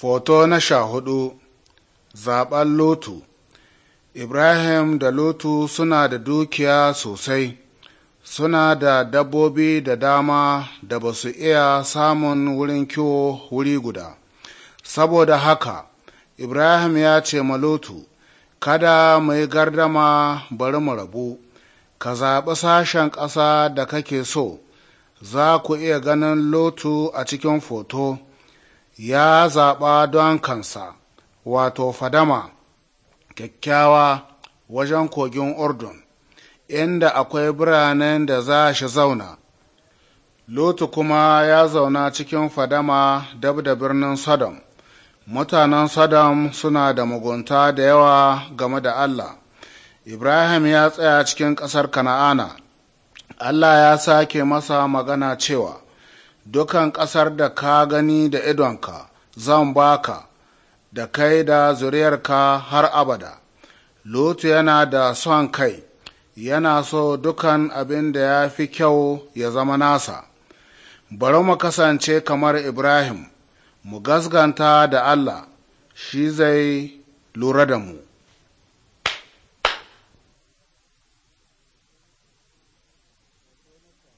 Foto na sha hudu Zaɓen Lotu Ibrahim da Lotu suna da dukiya sosai, suna da dabbobi da dama da ba su iya samun wurin kiwo wuri guda. Saboda haka, Ibrahim ya ce ma Lotu, Kada mai gardama bari mu rabu, ka zaɓi sashen ƙasa da kake so, za ku iya ganin Lotu a cikin foto. ya zaɓa don kansa wato fadama kyakkyawa wajen kogin urdun inda akwai biranen da za shi zauna lotu kuma ya zauna cikin fadama dab da birnin sodom mutanen sodom suna da mugunta da yawa game da allah ibrahim ya tsaya cikin ƙasar kana'ana allah ya sake masa magana cewa dukan ƙasar da ka gani da idonka zan baka da kai da zuriyarka har abada lutu yana da son kai yana so dukan abin da ya fi kyau ya zama nasa bari mu kasance kamar ibrahim mu gasganta da allah shi zai lura da mu